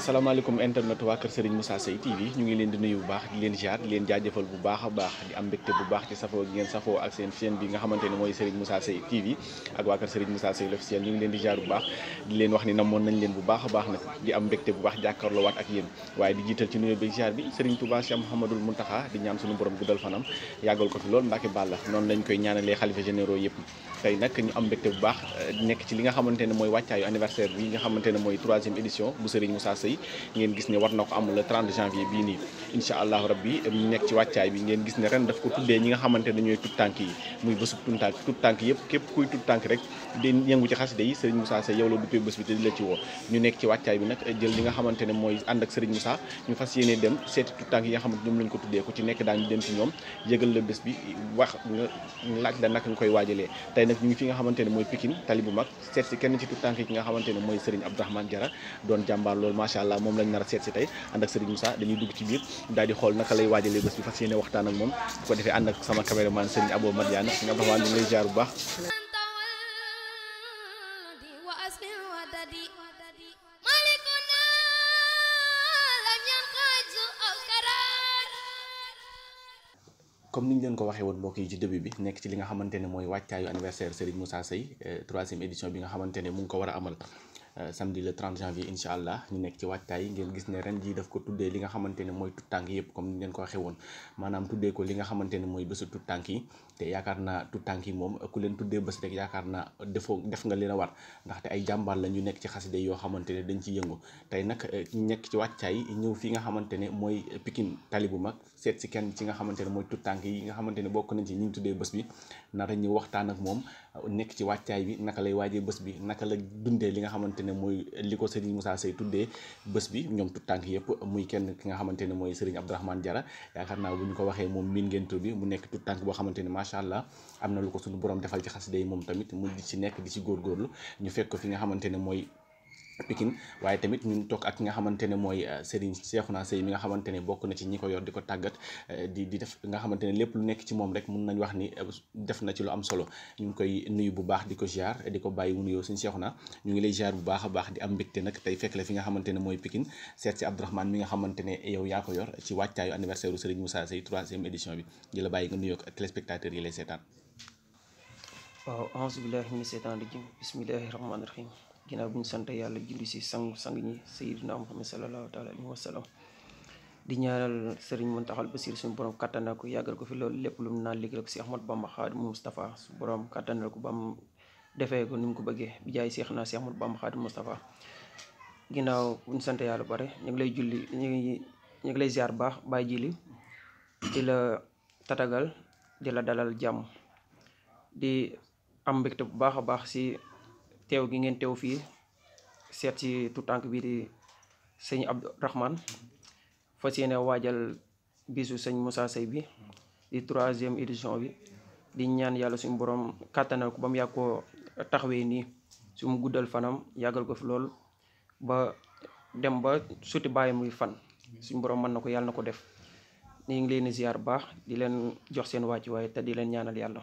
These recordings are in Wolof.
salaamaaleykum internet waa kër Serigne Moussa Seye TV ñu ngi leen di nuyu bu baax di leen ziar di leen jaajëfal bu baax a baax di am mbégte bu baax ci safoo gi bi nga xamante ne mooy Serigne Moussa Seye TV ngi leen di ziar bu baax ni namoon nañ a baax nag di am mbégte bu baax jàkkaarloo waat ak yéen waaye di jiital ci nuyoo bi ziar bi Serigne Touba Cheikh Mouhamadoul Mountakha di ñaan suñu borom guddal fanam yàggal ko fi lool Mbacke Balla noonu lañ koy ñaanalee xalifa généraux ñu am mbégte bu baax nekk ci li nga xamante ne mooy wàccaayu anniversaire bi nga xamante ne mooy troisième édition bu Serigne Moussa sëy ngeen gis ne war na ko am le 30 janvier bii nii incha allahu rabbi nekk ci wàccaay bi ngeen gis ne ren daf ko tuddee ñi nga xamante ne ñooy tut tànk yi nga xamante mooy ànd ak Serigne fi nga xamante ne mooy ne mooy doon jàmbaar loolu macha moom lañ nar a seet si tey ànd ak Serigne Moussa dañuy dugg ci biir daal di xool naka lay waajalee bés bi fas yéene waxtaan ak moom bu ko defee ànd ak sama caméraman Serigne Abo Madiane nga Abdourahmane ñu ngi lay jaar bu baax comme ni ñu leen ko waxee woon mbokk yi ci début bi nekk ci li nga xamante ne mooy wàccaayu anniversaire Serigne Moussa Seye eh, troisième édition bi nga xamante ne mu ngi ko war a amal Euh, samedi le 30 janvier incha allah ñu nekk ci waajtaay ngeen gis ne ren jii daf ko tuddee li nga xamante ne mooy tuttànk yëpp comme ni ngeen ko waxee woon maanaam tuddee ko li nga xamante ne mooy bésu tuttànk yi te yaakaar naa tànk yi moom ku leen tuddee bés rek yaakaar naa defoo def nga leen a war ndaxte ay jàmbaar la ñu nekk ci xaside yoo xamante ne dañ ci yëngu tey nag euh, nekk ci waajtaay ñëw fi nga xamante ne mooy Pikine tali bu mag seet si kenn ci nga xamante ne mooy tuttànk yi nga xamante ne bokk nañ ci ñi ñu tuddee bés bi nara ñu waxtaan ak moom nekk ci wàccaay bi naka lay waajee bës bi naka la dundee li nga xamante ne mooy li ko Serigne Moussa Seye tuddee bés bi ñoom tànk yëpp muy kenn ki nga xamante ne mooy Serigne Abdourahmane Diarra yaakaar naa bu ñu ko waxee moom miin ngeen tur mu nekk tuttànk boo xamante ne macha allah am na lu ko suñu borom defal ci xasida yi moom tamit mu di ci nekk di ci góorgóorlu ñu fekk fi nga xamante ne mooy Pikine waaye tamit ñun toog ak ki nga xamante ne mooy euh, Serigne Cheikhouna Seye mi nga xamante ne bokk na ci ñi ko yor di ko tàggat euh, di def nga xamante lépp lu nekk ci moom rek mun nañ wax ni euh, def na ci lu am solo ñu ngi koy nuyu bu baax di ko ziar di ko bàyyi mu nuyoo Serigne Cheikhouna ñu ngi lay ziar bu baax a baax di am mbégte nag tey fekk la fi nga xamante ne mooy Pikine seet si Abdourahmane mi nga xamante ne yow yaa ko yor ci wàccaayu anniversaire u Serigne Moussa Seye troisième bi di la bàyyi nga nuyoo ak téléspectateurs yi ginnaaw bi ñu sant yàlla julli si sang sang ñi na Muhammad sallallahu taala alayhi wa sallam di ñaanal sëriñ Muntaxal Basiir suñu borom kattanal ko yàggal ko fi loolu lépp lu mu naan liggéey ko si Ahmad Bamba Xaadimu Mustafa suñu borom kattanal ko ba mu defee ko ni ko bëggee bi jaay seex naa si Ahmad Bamba Xaadimu Mustafa ginnaaw bu ñu sant yàlla bare ñu ngi lay julli ñu ngi ñu ngi lay ziar baax bàyyi jili di la tatagal di la dalal jàmm di am mbégte bu baax si teew gi ngeen teew fii seet si tuutànk bi di sëñ Abdourahmane fa yéene waajal bisu sëñ Moussa Seye bi di troisième édition bi di ñaan yàlla suñ boroom kàttanal ko ba mu yàgg koo taxawee nii su mu guddal fanam yàggal ko fi lool ba dem ba suti bàyyi muy fan suñ borom mën na ko yàlla na ko def ni ngi leen di ziar baax di leen jox seen wàcc waaye te di leen ñaanal yàlla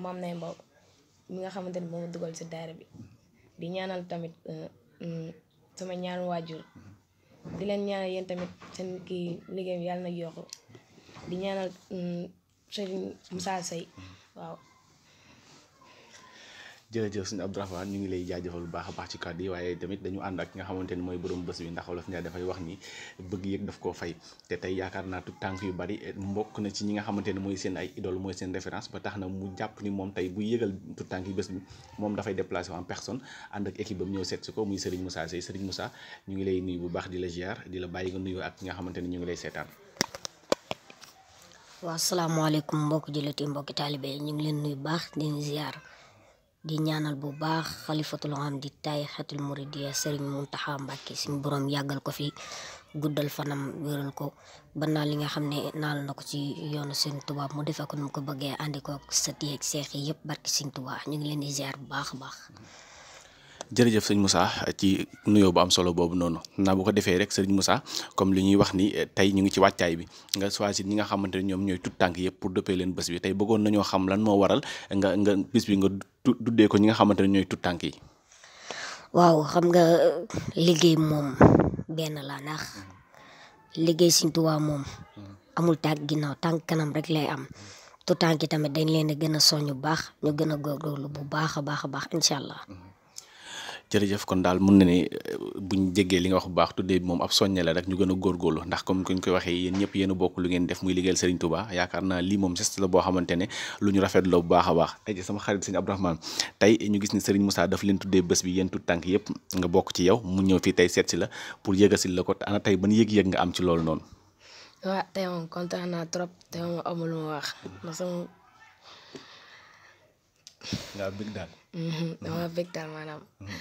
maam nay mbaw mi nga xamante ne moo dugal si daara bi di ñaanal tamit euh, mm, sama ñaan waajur di leen ñaanal yéen tamit seen kii liggéey bi yàlla na yokku di ñaanal mm, sëriñ Moussa waaw jërëjëf suñu Abdourahmane ñu a baax ci kàddu yi nga xamante ni naa tout tànk yu bari mbokk na ci ñi nga xamante ni mooy seen ay idole mooy seen référence ba tax na mu jàpp ni moom tey moom dafay déplacé en personne ànd ak équipe bam ñëw seet si ko ngi lay nuyu bu baax di la ziar di la bàyyi nga nuyoo ak ñi nga xamante ni mbokk jëlati mbokki taalibe ñu ngi leen nuyu baax di ziar di ñaanal bu baax xalifatul am di tay xetul muridiya sëriñ Muntaxa Mbàkke suñu boroom yàggal ko fii guddal fanam wéral ko ba naa li nga xam ne naa na ko ci yoonu sëriñ Tuubaa mu defee ko nu mu ko bëggee àndi ko sët yeeg seex yi yëpp barki sëriñ Tuubaa ñu ngi leen di ziar bu baax a baax jërëjëf sëñ musa ci nuyoo bu am solo boobu noonu naa bu ko defee rek sëriñ musa comme li ñuy wax ni tey ñu ngi ci wàccaay bi nga choisir ñi nga xamante ne ñoom ñooy tut tànk yëpp pour dëppee leen bés bi tey bëggoon nañoo xam lan moo waral nga nga bés bi nga duddee ñi nga xamante ne ñooy tut tànk yi. waaw xam nga liggéey moom benn la ndax liggéey Sëriñ Tuubaa moom amul tànk ginnaaw tànk kanam rek lay am. tout tànk yi tamit dañ leen a gën a soññ baax ñu gën a góorgóorlu bu baax a baax a baax incha allah. Mm-hmm. jërëjëf kon daal mun na ne eh, buñ jéggee li nga wax bu baax tuddee bi moom ab soññe la rek ñu gën a góorgóorlu ndax comme kuñ koy waxee yéen ñëpp a bokk lu ngeen def muy liggéeyal Serigne Touba yaakaar naa lii moom ne lu ñu rafetloo bu baax a baax tey ji sama xarit Serigne tey ñu gis ni Serigne Moussa daf leen tuddee bés bi yéen tut tànk yëpp nga bokk ci yow mu ñëw fii tey seet si la pour yëgasil la ko tey ban yëg-yëg nga am ci loolu noonu waaw tey moom kontaan naa trop tey moom amul ma wax ndax sama nga bëgg daal mhm, dama bëgg daal maanaam mhm.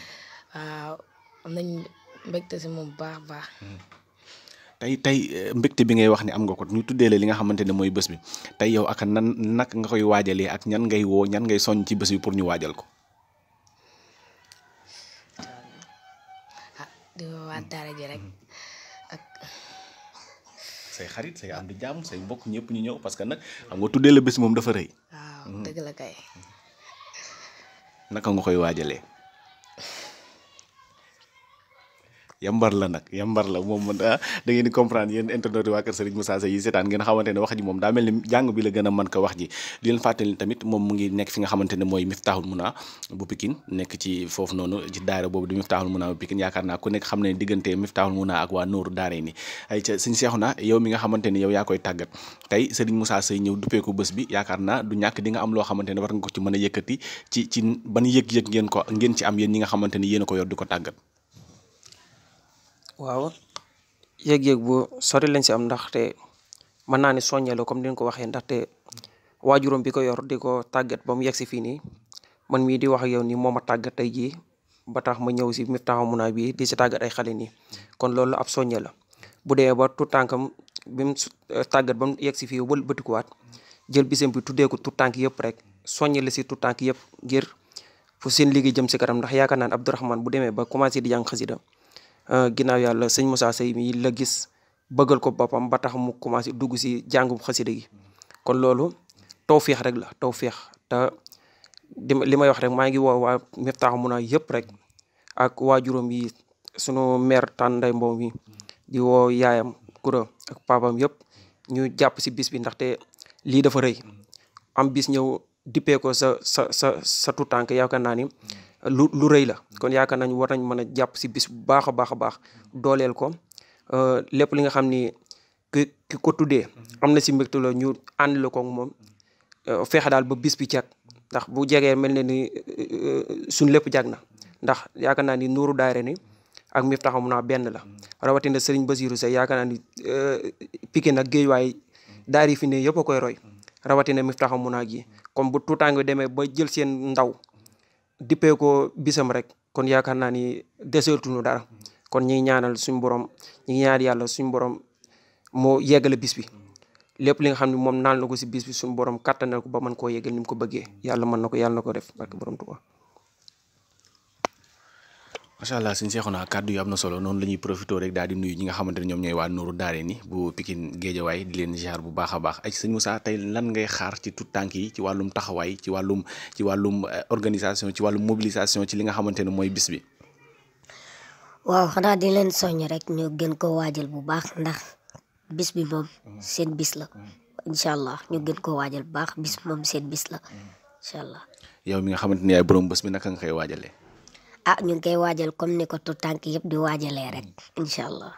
waaw am nañ mbégte si moom bu baax baax. Hmm. tey tey eh, mbégte bi ngay wax ni am nga ko ñu tuddee la li nga xamante ne mooy bés bi tey yow ak nan nak nga koy waajalee ak ñan ngay ñan ngay soññ ci bés bi pour ñu waajal ko. Ah, di woowaat hmm. hmm. say xarit say am di jàmm say mbokk ñëpp ñu ñëw parce que nag xam tuddee la bés moom dafa rëy. naka nga koy waajalee. yambar la nag yambar la moom ah, da ngeen di comprendre yéen internet waa kër Serigne Moussa Seye yi ne wax ji moom daa mel ni jàng bi la gën a mën ko wax ji di leen fàttali tamit moom mu ngi nekk nga xamante ne ci foofu noonu ci daara boobu di Miftahul Muna bu Pikine yaakaar naa ku nekk xam ne diggante Miftahul Muna ak waa Nooru daara ni ay ca Serigne Cheikhouna yow mi nga xamante ne yaa koy tàggat tey Serigne Moussa Seye ñëw duppee ko bés bi yaakaar naa du ñàkk di nga am loo xamante ne war nga ko ci mën a yëkkati ci ci ban yëg-yëg ngeen ko ngeen ci am yéen ñi nga xamante ne yéen ko yor di ko tàggat waaw yëg-yëg bu sori lañ si am ndaxte mën naa ne soññee la comme ni ko waxee ndaxte waajuram bi ko yor di ko tàggat ba mu yegg si fii nii man mii di wax ak yow nii moo ma tàggat tey jii ba tax ma ñëw si Miftahul Muna bi di si tàggat ay xale nii kon loolu ab soññee la bu dee ba tout tànkam bi mu tàggat ba yegg si fii wël bëtikuwaat jël bisam bi tuddee ko tout tànk yëpp rek soññee la si tout tànk yëpp ngir fu seen liggéey jëm si kanam ndax yaakaar naan Abdourahmane bu demee ba commencé di jàng xasida Euh, ginnaaw yàlla sëñ Moussa Seye mii la gis bëggal ko boppam ba tax mu commencé dugg si jàngum xasida gi kon loolu tawféex rek la tawféex te li may wax rek maa ngi woo waa Miftahul Mouna yëpp rek ak waajuram yi sunu maire Tànday Mbow mi di woo yaayam kura ak papam yëpp ñu jàpp si bis bi ndaxte lii dafa rëy am bis ñëw dippee ko sa sa sa sa tutànk yaakaar naa ni lu lu rëy la kon yaakaar nañ war nañ mën a jàpp si bis bu baax a baax a baax dooleel ko euh, lépp li nga xam ni ki ki ko tuddee am na si mbégte la ñu ànd la ko moom euh, fexe daal ba bis bi jag ndax bu jegee mel ne ni euh, suñ lépp jag na ndax yaakaar naa ni nuuru daayira ni ak Miftahoul naa benn la rawatina Serigne Bassirou sa yaakaar naa ni Pikine nag géej waay daari fi ne yëpp koy roy rawatina Miftahoul naa gi comme bu tuutaang bi demee ba jël seen ndaw dippee ko bisam rek kon yaakaar naa ni deseetuñu dara kon ñi ñaanal suñu borom ñi ngi yàlla suñu borom moo yeggale bis bi lépp li nga xam ne moom naan la ko si bis bi borom kattanal ko ba mën koo yeggal ni mu ko bëggee yàlla mën na ko yàlla na ko def barke borom Tuubaa macha allah suñu seexoonaa kàddu yi am na solo noonu la ñuy profité rek daal di nuyu ñi nga xamante ne ñoom ñooy waa Nuuru Daare ni bu Pikine Géejawaay di leen ziar bu baax a baax ay sëñ Moussa tey lan ngay xaar ci tout tànk yi ci wàllum taxawaay ci wàllum ci wàllum euh, organisation ci wàllum mobilisation ci li nga xamante ne mooy bis bi. waaw xanaa di leen soññ rek ñu gën ko waajal bu baax ndax bis bi moom seen bis la incha allah ñu gën ko waajal bu baax bis moom seen bis la allah. yow mi nga xamante ne yaay borom bés bi naka nga koy waajalee. ah ñu ngi koy waajal comme ni ko tout tànk yëpp di waajalee rek mm. incha allah.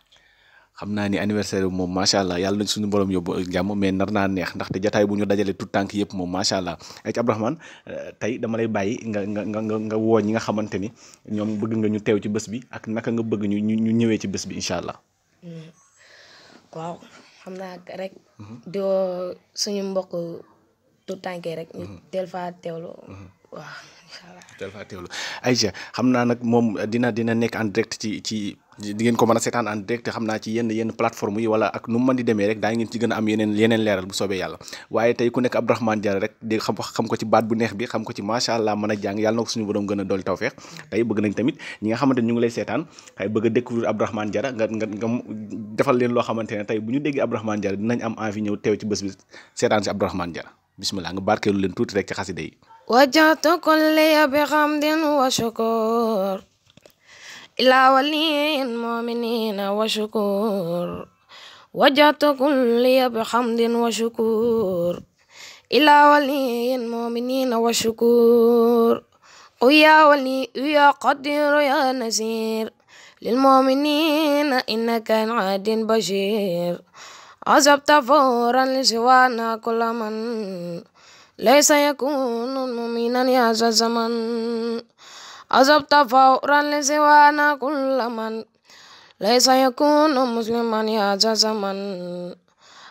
xam naa ni anniversaire bi moom macha allah yàlla na suñu borom yóbbu jàmm mais nar naa neex ndaxte jataay bu ñu dajale tout tànk yëpp moom macha allah eh, ci Abdourahmane eh, tey dama lay bàyyi nga nga nga nga woo ñi nga xamante ni ñoom bëgg nga ñu teew ci bés bi ak naka nga bëgg ñu ñu ñëwee ci bés bi incha allah. Mm. waaw xam naa rek. Mm-hmm. di woo suñu mbokk tout tànk rek. ñu teel mm-hmm. faa teewlu mm-hmm. waaw. tel fa xam naa nag moom dina dina nekk en direct ci ci di ngeen ko mën a seetaan en direct xam naa ci yenn yenn plateforme yi wala ak nu mu mën demee rek daa ngeen ci gën a am yeneen yeneen leeral bu soobee yàlla waaye tey ku nekk Abdourahmane Diallo rek dégg xam ko ci baat bu neex bi xam ko ci macha allah mën a jàng yàlla na ko suñu borom gën a dolli tawfeex tey bëgg nañ tamit ñi nga xamante ñu ngi lay seetaan xëy bëgg a découvrir Abdourahmane nga nga nga defal leen loo xamante ne tey bu ñu déggee Abdourahmane Diallo dinañ am envie ñëw teew ci bés bi seetaan si Abdourahmane Diallo bismillah nga barkeelu leen tuuti rek ci xasida yi وجهت كلي بحمد وشكر إلى ولي المؤمنين وشكر وجهت كلي بحمد وشكر إلى ولي المؤمنين وشكر قل يا ولي يا قدير يا نزير للمؤمنين إنك عاد بشير عزبت فورا لسوانا كل من ليس يكون مؤمنا يا زمن عزبت فورا لسوانا كل من ليس يكون مسلما يا زمن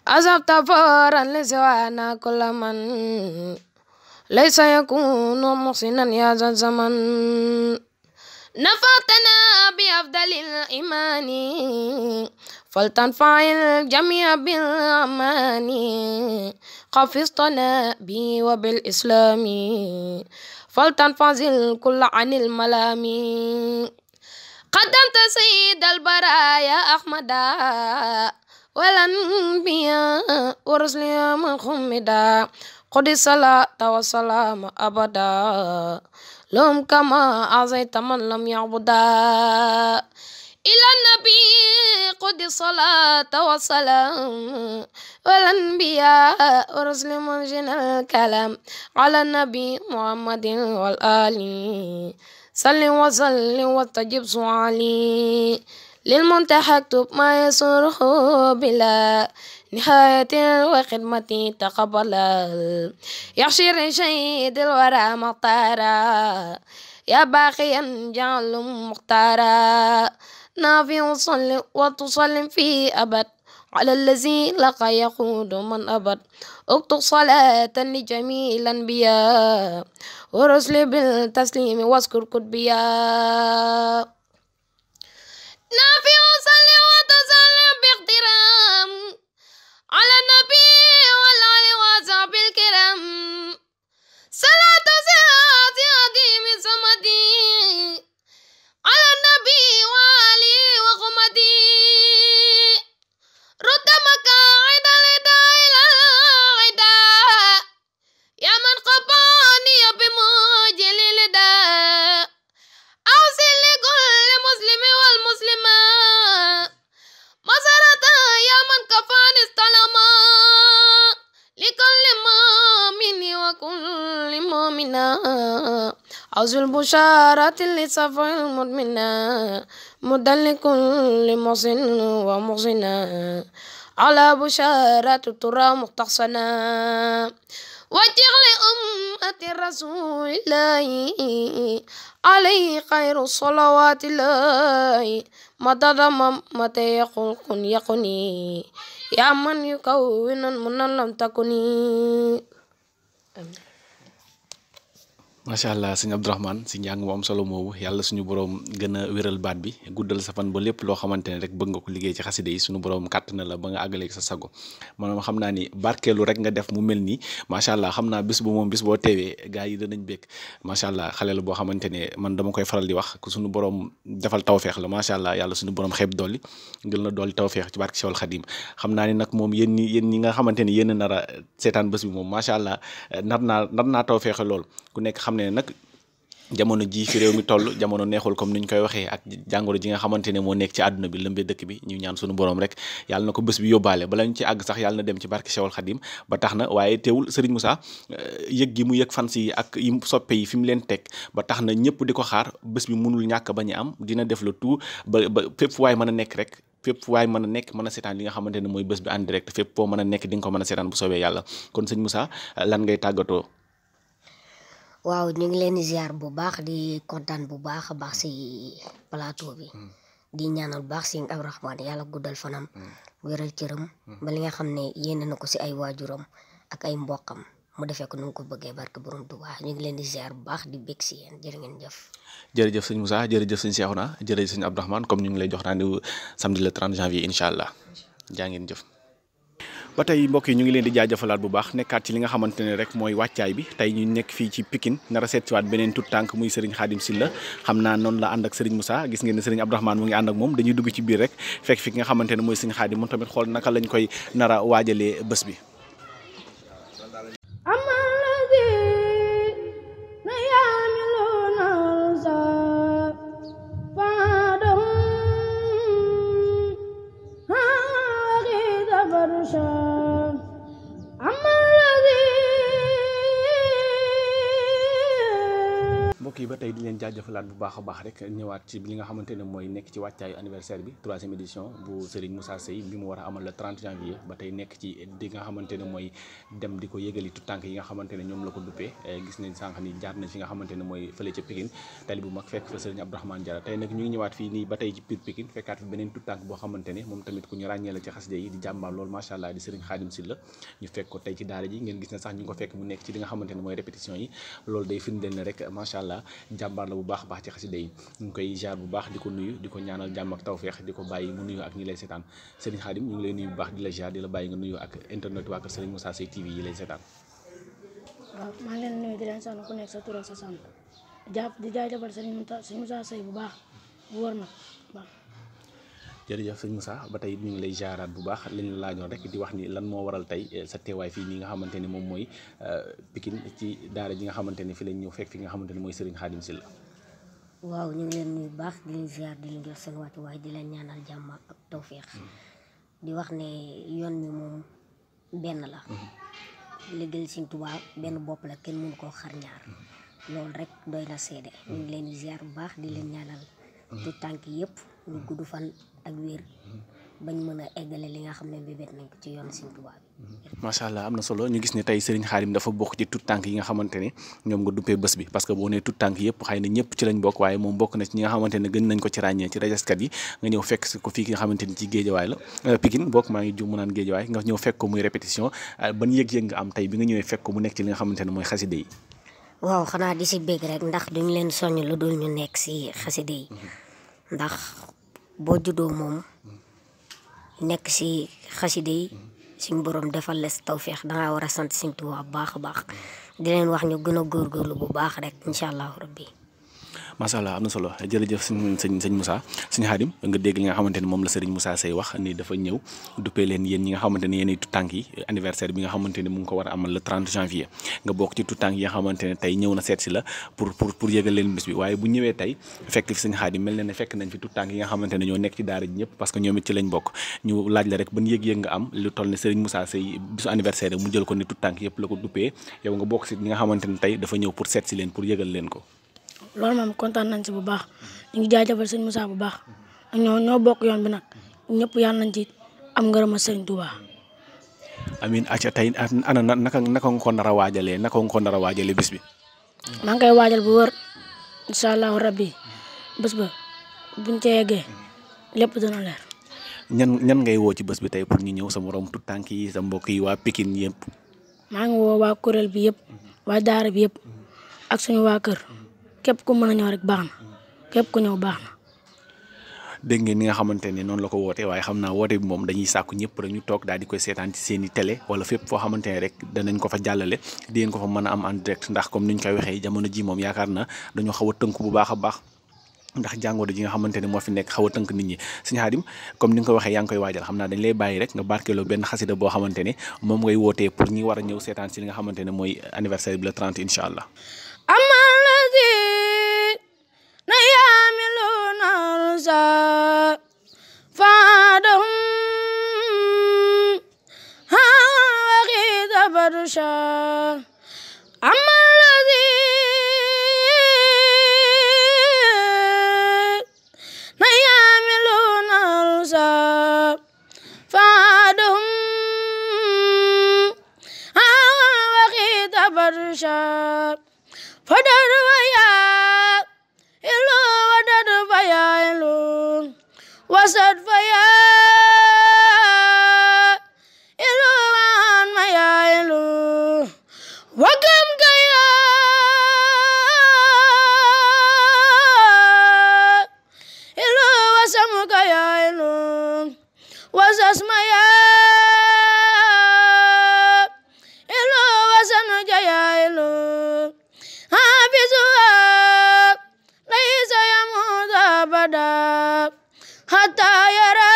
عزبت فورا لسوانا كل من ليس يكون محسنا يا زمن نفعتنا بأفضل الإيمان فلتنفع الجميع بالأمان xafistana bi wa bil islami faltan fanzil kulla anil malami qaddamta sayyid al baraya ahmada walanbiya wa rusliya man khumida qudi salata wa salama abada lum kama azayta man lam yabuda إلى النبي قد صلاة وسلام والأنبياء ورسل منجن الكلام على النبي محمد والآل صل وسلم وتجب سؤالي للمنتهى اكتب ما يسره بلا نهاية وخدمتي تقبل يحشر شهيد الورى مطارا يا باقيا جعل مختارا نافع صل وتصلم فيه أبد على الذي لقى يقود من أبد اكتب صلاة لجميع الأنبياء ورسل بالتسليم واذكر كتبيا نافع صل وتسلم باقترام على النبي والآل وصحبه الكرام salaatu salaati adiimi samadi ala nabi wa ali wa xumadi rudda makaid بشارة لصفو المدمنا مدا لكل محسن ومحسنا على بشارة ترى مختصنا واجعل أمة رسول الله عليه خير الصلوات الله مدد متى يقول كن يقني يا من يكون من لم تكني آمين macha allah sëñ Abdourahmane si njàng mu am solo moomu yàlla suñu borom gën a wéral baat bi guddal sa fan ba lépp loo xamante ne rek bëgg nga ko liggéey ci xaside yi suñu borom kàtt na la ba nga àggaleeg sa sago maanaam xam naa ni barkeelu rek nga def mu mel nii macha allah xam naa bis bu moom bis boo teewee gars yi danañ békk macha allah xale la boo xamante ne man dama koy faral di wax ku suñu borom defal feex la macha allah yàlla suñu borom xeeb dolli gën la dolli tawfeex ci barke Sewal Xadim xam naa ni nag moom yéen ñi yéen ñi nga xamante ne yéen a nar a seetaan bés bi moom macha allah nar naa nar naa lool xam ne nag jamono ji fi réew mi toll jamono neexul comme ni ñu koy waxee ak jàngoro ji nga xamante ne moo nekk ci àdduna bi lëmbee dëkk bi ñu ñaan suñu borom rek yal na ko bés bi yóbbaale bala ñu ci àgg sax yàlla na dem ci barke Cheikhul Khadim ba tax na waaye teewul Serigne Moussa euh, yëg gi mu yëg fans yi ak yi soppe yi fi mu leen teg ba tax na ñëpp di ko xaar bés bi mënul ñàkk ba ñu am dina def le tout ba ba fépp fu waay mën a nekk rek fépp waaye mën a nekk mën a seetaan li nga xamante ne mooy bés bi en direct fépp foo mën a nekk di nga ko mën a seetaan bu soobee yàlla kon sëñ Moussa lan ngay tàggatoo waaw ñu ngi leen di ziar bu baax di kontaan bu baax a baax si plateau bi. Hmm. di ñaanal baax si ab rahmaan yàlla guddal fanam. Hmm. wéral cëram. Hmm. ba li nga xam ne yéene na ko si ay waajuram ak ay mboqam mu defee ko nu mu ko bëggee barke borom Tuubaa ñu ngi leen di ziar bu baax di bég si yéen jërë ngeen jëf. jërëjëf sëñ Moussa jërëjëf sëñ Cheikhouna jërëjëf sëñ Abdourahmane comme ñu ngi lay jox rendez-vous samedi le 30 janvier incha allah jaa jëf. ba tey mbokk ñu ngi leen di jaajëfalaat bu baax nekkaat ci li nga xamante ne rek mooy wàccaay bi tey ñu nekk fii ci Pikine nar a seetsiwaat beneen tout tànk muy Serigne Khadim Sylla xam naa noonu la ànd ak Serigne Moussa gis ngeen ne Serigne Abdourahmane mu ngi ànd ak moom dañuy dugg ci biir nga xamante ne mooy Serigne Khadim moom tamit xool naka lañ koy nara a waajalee bés bi yi ba tey di leen jaajëfalaat bu baax baax rek ñëwaat ci li nga xamante mooy nekk ci wàccaayu anniversaire bi troisième édition bu Serigne Moussa bi mu war a amal le 30 janvier ba tey nekk ci di nga xamante eh, mooy fële ca Pikine tali bu mag fekk fa Serigne Abdourahmane Diarra tey nag ñu ngi ñëwaat fii nii ba tey ci biir Pikine fekkaat fi beneen tout tànk boo xamante moom tamit ku ñu ràññee la ci xasida yi di jàmbaar loolu macha allah di Serigne Khadim jàmbaar la bu baax baax ci xasida yi ñu ngi koy ziar bu baax di ko nuyu di ko ñaanal jàmm ak tawfeex di ko bàyyi mu nuyu ak ñi lay seetaan Serigne Khadim ñu ngi lay nuyu bu baax di la ziar di la bàyyi nga nuyu ak internet waa kër Serigne Moussa Seye TV yi lay seetaan maa ngi leen nuyu di leen sant ku nekk sa tur sa sant jàpp di jaajëfal Serigne Moussa Seye bu baax bu wër na jërëjëf sëñ Moussa ba tey ñu ngi lay jaaraat bu baax liñ la laajoon rek di wax ni lan moo waral tey eh, sa teewaay fii nii nga xamante ni moom mooy eh, Pikine ci daara ji nga xamante ne fi lañ ñëw fekk fi nga xamante ni mooy Serigne Khadim la waaw ñu ngi leen nuyu bu baax di leen ziar di leen jox seen di leen ñaanal jàmm ak tawféex mm-hmm. di wax ne yoon mi moom benn la mm-hmm. liggéey Sëñ benn bopp la kenn mënu koo xar ñaar mm-hmm. loolu rek doy na seede ñu ngi leen di bu baax di leen ñaanal tout tànk yëpp ñu gudd fan ak wér bañ mën a eggale li nga xam ne bébét nañ ko ci yoon Sëriñ Tuubaa bi macha allah am na solo ñu gis ne tey Serigne Khadim dafa bokk ci tout tànk yi nga xamante ne ñoom nga duppee bés bi parce que boo nee tout tànk yëpp xëy na ñëpp ci lañ bokk waaye moom bokk na ci nga xamante gën nañ ko ci ràññee ci rajaskat yi nga ñëw fekk ko fii ki nga xamante ci géejawaay la euh, Pikine bokk maa ngi ju naan géejawaay nga ñëw fekk ko muy répétition euh, ban ndax boo juddoo moom nekk si xaside yi suñ borom defal les tawféex dangaa war a sant Sëñ Tuubaa bu baax a baax dileen wax ñu gën a góorgóorlu bu baax rek incha allahu rabbi macha allah am na solo jërëjëf suñ sëñ sëñ Moussa suñu xaadim nga dégg li nga xamante moom la sëriñ Moussa Seye wax ni dafa ñëw duppee leen yéen ñi nga xamante ni yéenay tutànk yi anniversaire bi nga mu ngi ko ne tey ñëw na seet si waaye bu ñëwee tey fekk fi suñu xaadim mel na ne fekk nañ fi tutànk yi nga xamante ne ñoo nekk ci ko ni tutànk yëpp la ko duppee yow nga bokk si ñi nga xamante ne tey dafa ñëw pour seet leen pour yëgal leen ko loolu moom kontaan nañ si bu baax ñu ngi jaajëfal sëñ Moussa bu baax ñoo ñoo bokk yoon bi nag ñëpp yàlla nañ ci am ngërëm a sëñ Touba. amiin acca tey ana naka naka nga ko nar a waajalee naka nga ko nar a bis bi. maa ngi koy waajal bu wër incha allahu rabbi bés ba buñ ca yeggee lépp dana leer. ñan ñan ngay woo ci bés bi tey pour ñu ñëw sa morom tu tànk yi sa mbokk yi waa Pikine yëpp. maa ngi woo waa kuréel bi yëpp waa daara bi yëpp ak suñu waa kër. képp ku mën a ñëw rek baax na képp ku ñëw baax na. dégg nga xamante ne noonu la ko wootee waaye xam naa woote bi moom dañuy sàkk ñëpp rek ñu toog daal di koy seen i télé wala foo xamante ne rek danañ ko fa jàllale di ngeen a am ndax comme ni ñu koy waxee jamono ji moom yaakaar a tënk bu baax a baax ji nga xamante ne moo fi nekk xaw a tënk nit ñi sëñ comme ni nga ko waxee yaa ngi koy waajal xam naa dañ lay bàyyi rek nga barkeeloo benn xasida boo xamante ne moom ngay wootee pour ñi war a ñëw seetaan si li nga xamante ne mooy anniversaire bi le 30 incha allah الذين يعملون الأرزاق فعادهم وغيد برشا أما الذين يعملون الأرزاق فعادهم وغيد برشا fa dara wa yaa hatta yara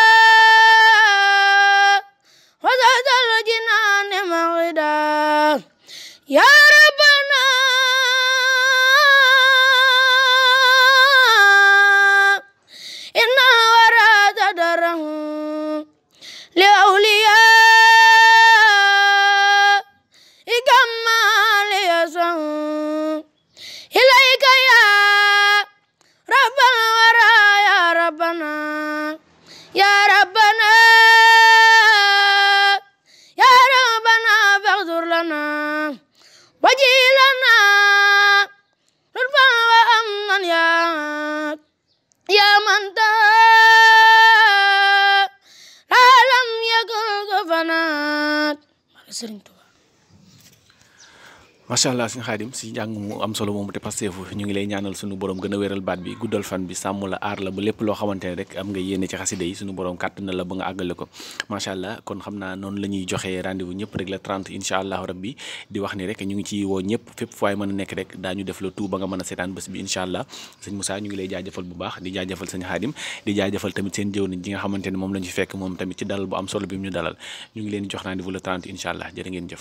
Sëriñ Tuubaa macha allah suñu xaadim si njàng mu am solo moomu te pasteefu ñu ngi lay ñaanal suñu borom gën a wéral baat bi guddal fan bi sàmm la aar la ba lépp loo xamante rek am nga yéene ci xasida yi suñu borom kàtt na la ba nga àggale ko macha allah kon xam naa noonu la ñuy joxee rendez-vous ñëpp rek la 30 incha allah rabbi di ñu ngi ci woo ñëpp fépp fooy a nekk rek daañu def a seetaan ngi lay jaajëfal bu baax di jaajëfal sëñ xaadim di jaajëfal tamit seen jëw ji nga xamante ne moom lañu fekk moom tamit ci leen jox rendez-vous le 30 incha allah jërë